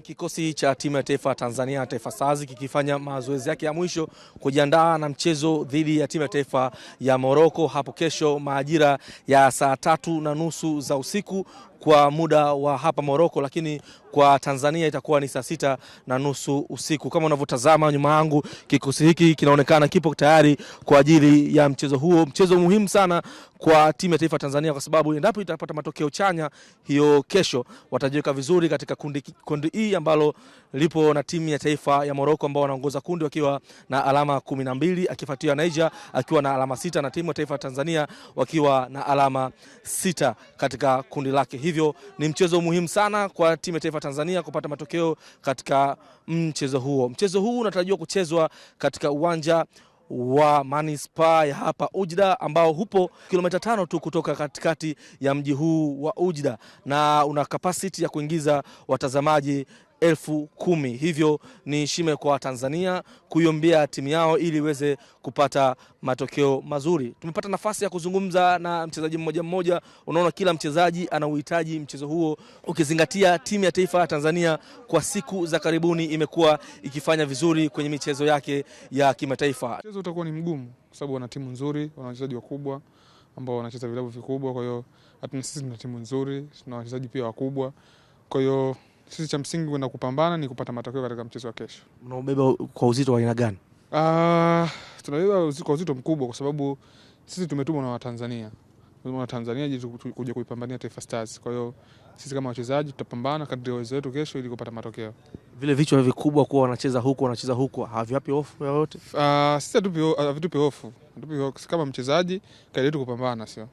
kikosi cha timu ya taifa Tanzania Taifa Stars kikifanya mazoezi yake ya mwisho kujiandaa na mchezo dhidi ya timu ya taifa ya Moroko hapo kesho majira ya saa tatu na nusu za usiku kwa muda wa hapa Moroko, lakini kwa Tanzania itakuwa ni saa sita na nusu usiku. Kama unavyotazama nyuma yangu, kikosi hiki kinaonekana kipo tayari kwa ajili ya mchezo huo, mchezo muhimu sana kwa timu ya taifa Tanzania, kwa sababu endapo itapata matokeo chanya hiyo kesho, watajiweka vizuri katika kundi, kundi e ambalo lipo na timu ya taifa ya Morocco ambao wanaongoza kundi wakiwa na alama kumi na mbili akifuatiwa Niger akiwa na alama sita na timu ya taifa ya Tanzania wakiwa na alama sita katika kundi lake. Hivyo ni mchezo muhimu sana kwa timu ya taifa Tanzania kupata matokeo katika mchezo huo. Mchezo huu unatarajiwa kuchezwa katika uwanja wa manispaa ya hapa Ujda ambao hupo kilomita tano tu kutoka katikati ya mji huu wa Ujda na una kapasiti ya kuingiza watazamaji elfu kumi. Hivyo ni heshima kwa Tanzania kuiombea timu yao ili iweze kupata matokeo mazuri. Tumepata nafasi ya kuzungumza na mchezaji mmoja mmoja. Unaona, kila mchezaji anauhitaji mchezo huo, ukizingatia timu ya taifa ya Tanzania kwa siku za karibuni imekuwa ikifanya vizuri kwenye michezo yake ya kimataifa. Mchezo utakuwa ni mgumu kwa sababu wana timu nzuri, wana wachezaji wakubwa ambao wanacheza vilabu vikubwa. Kwa hiyo hatuna sisi, tuna timu nzuri, tuna wachezaji pia wakubwa, kwa hiyo sisi cha msingi kwenda kupambana ni kupata matokeo katika mchezo wa kesho. Mnaubeba kwa uzito wa aina gani? Uh, tunabeba kwa uzito mkubwa kwa sababu sisi tumetumwa na Watanzania Tanzania kuja kuipambania Taifa Stars. Kwa hiyo sisi kama wachezaji tutapambana kadri ya uwezo wetu kesho ili kupata matokeo. Vile vichwa vikubwa kuwa wanacheza huku wanacheza huku haviwapi hofu yoyote? Uh, sisi havitupi hofu. Kama mchezaji kaidi yetu kupambana, sio